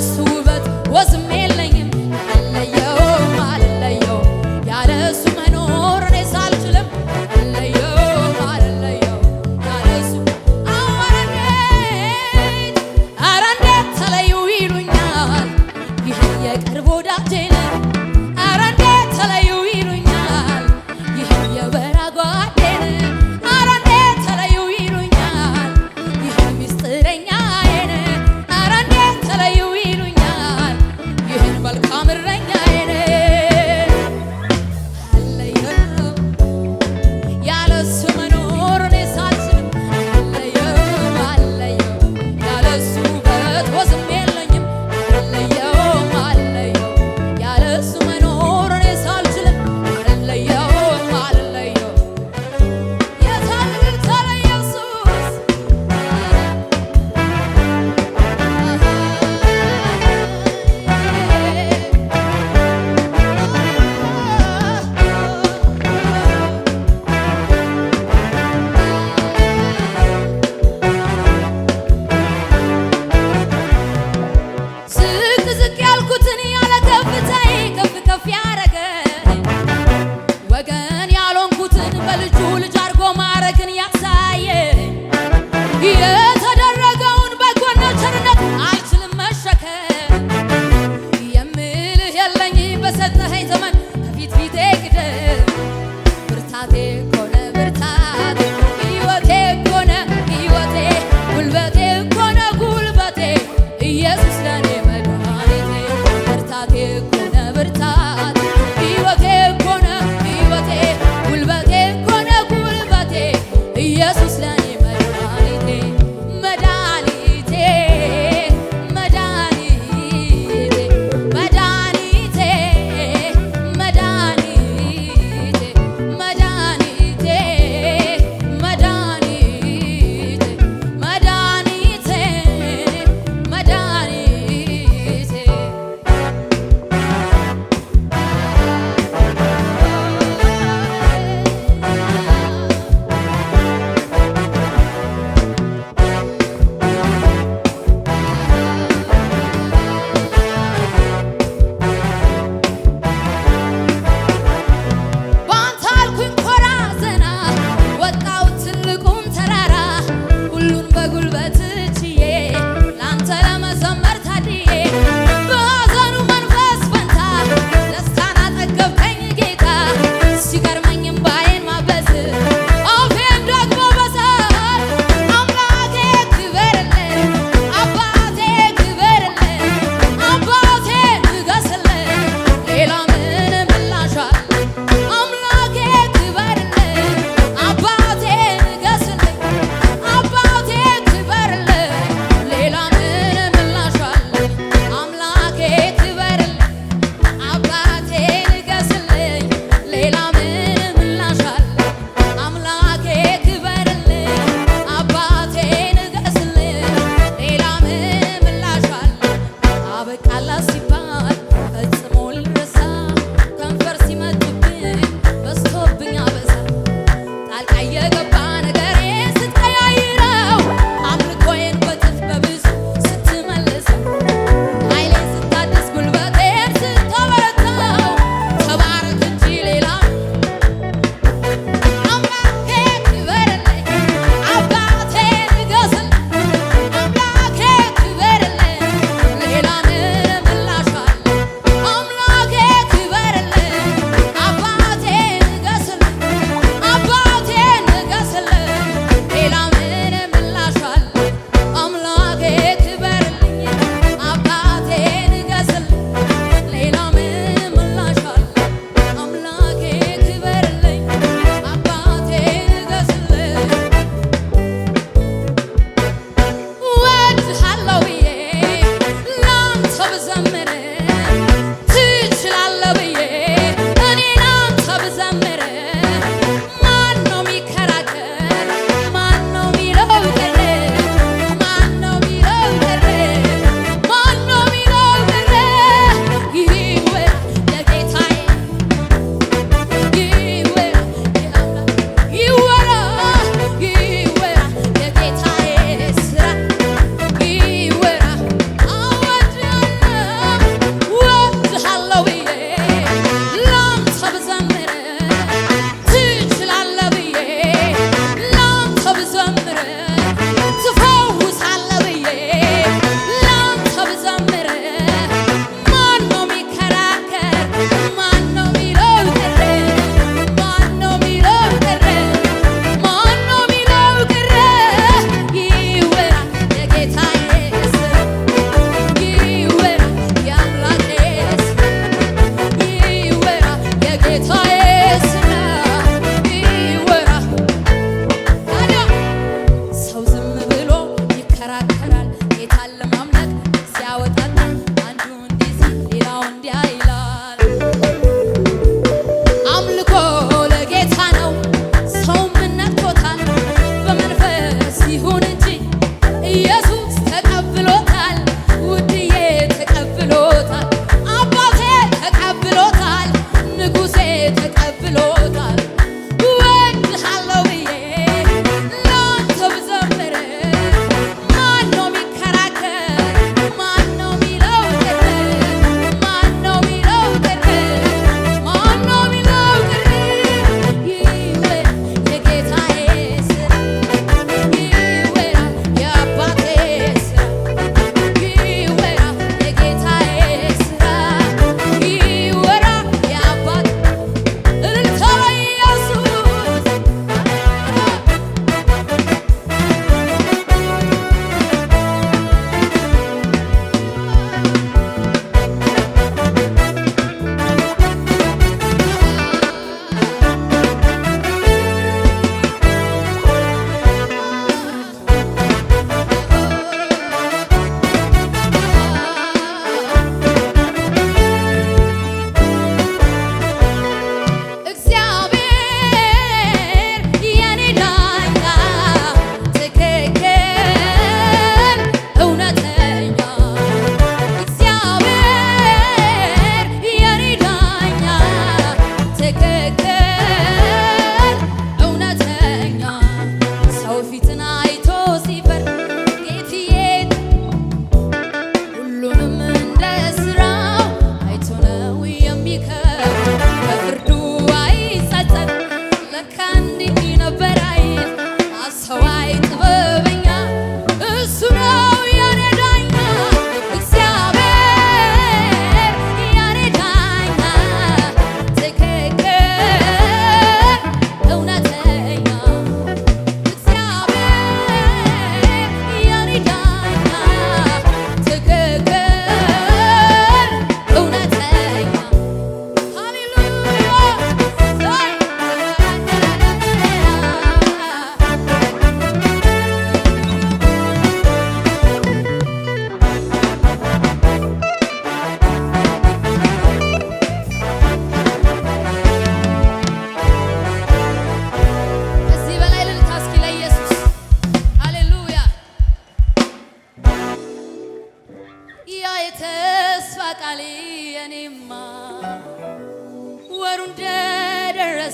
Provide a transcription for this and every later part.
just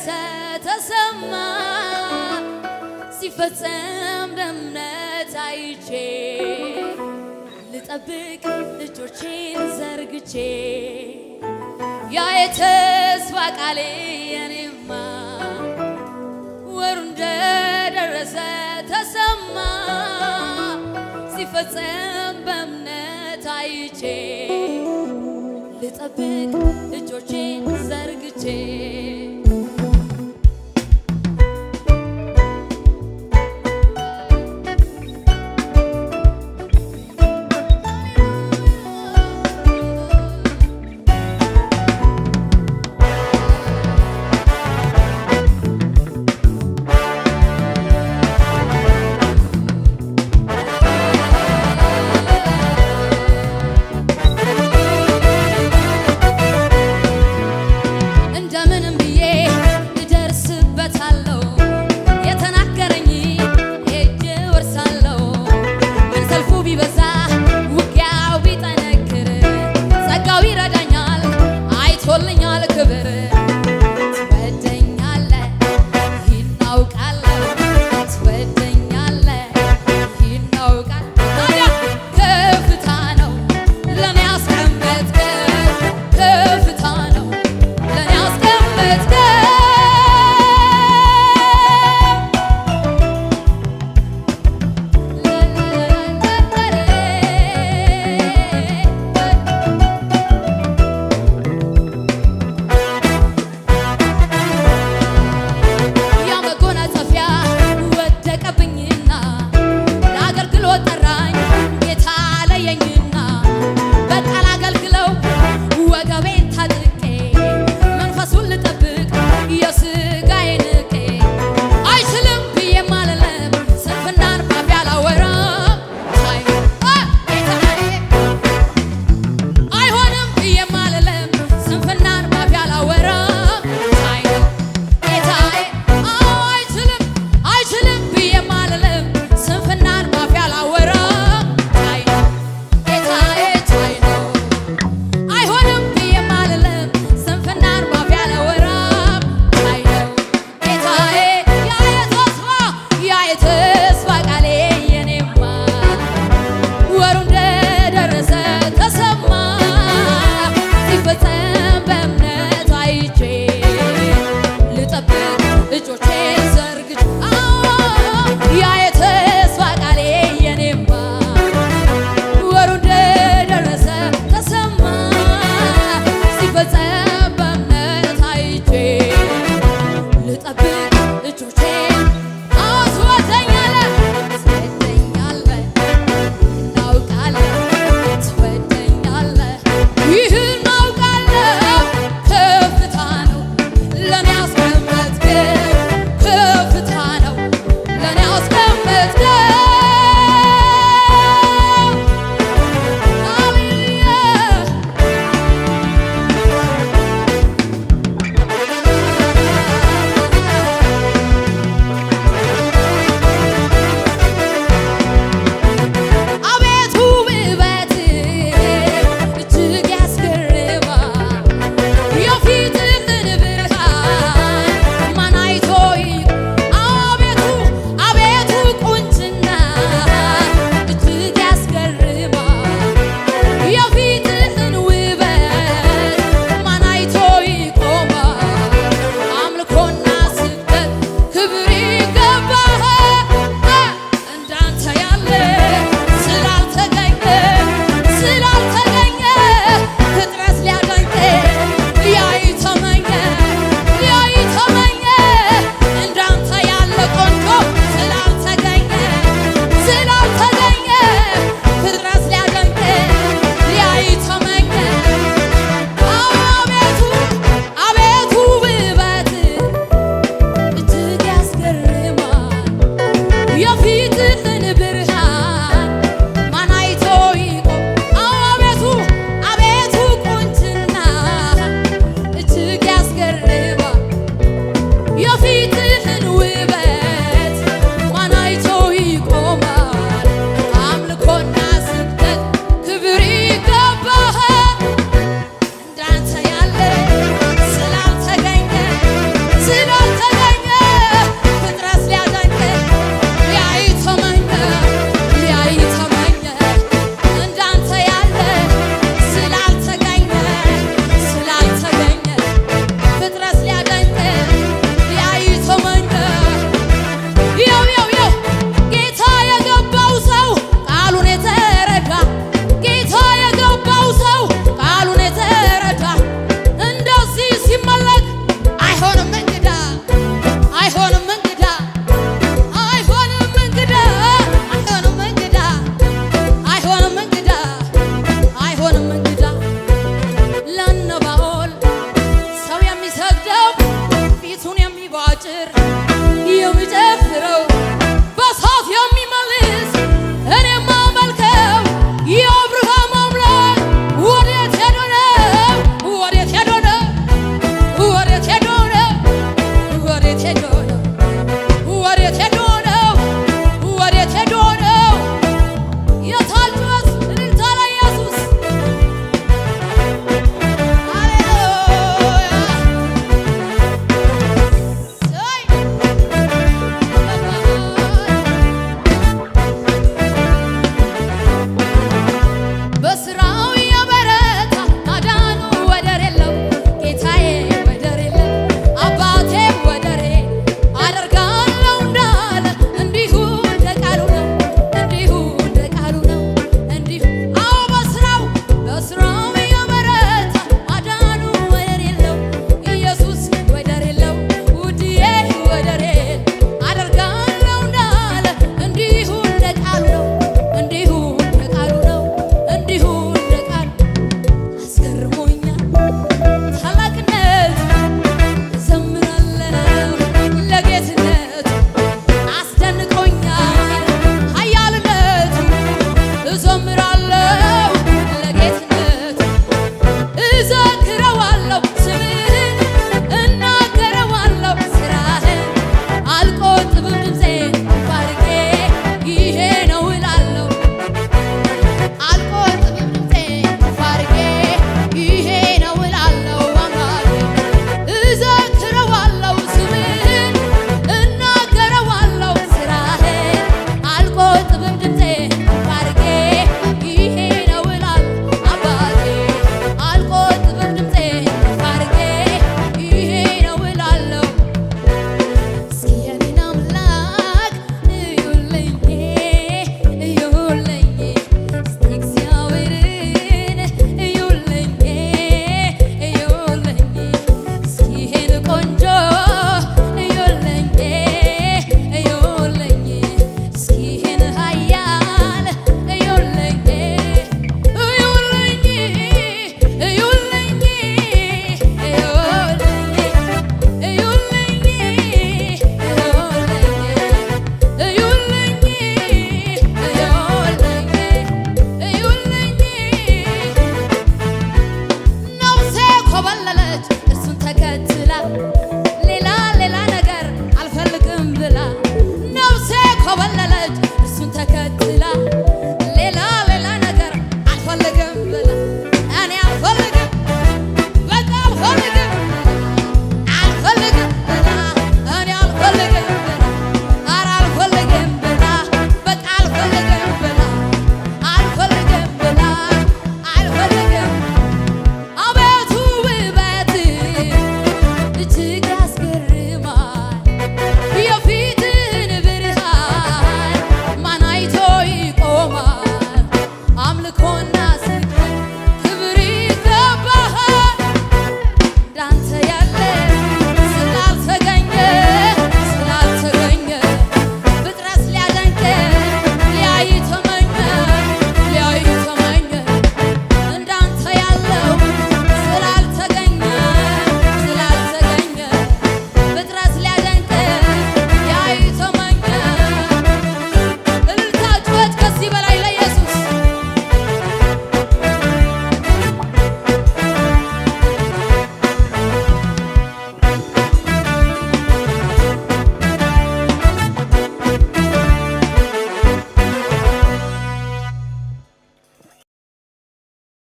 ደረሰ ተሰማ ሲፈጸም በእምነት አይቼ ልጠብቅ እጆቼን ዘርግቼ ያ የተስፋ ቃሌ የኔማ ወሩ እንደደረሰ ተሰማ ሲፈጸም በእምነት አይቼ ልጠብቅ እጆቼን ዘርግቼ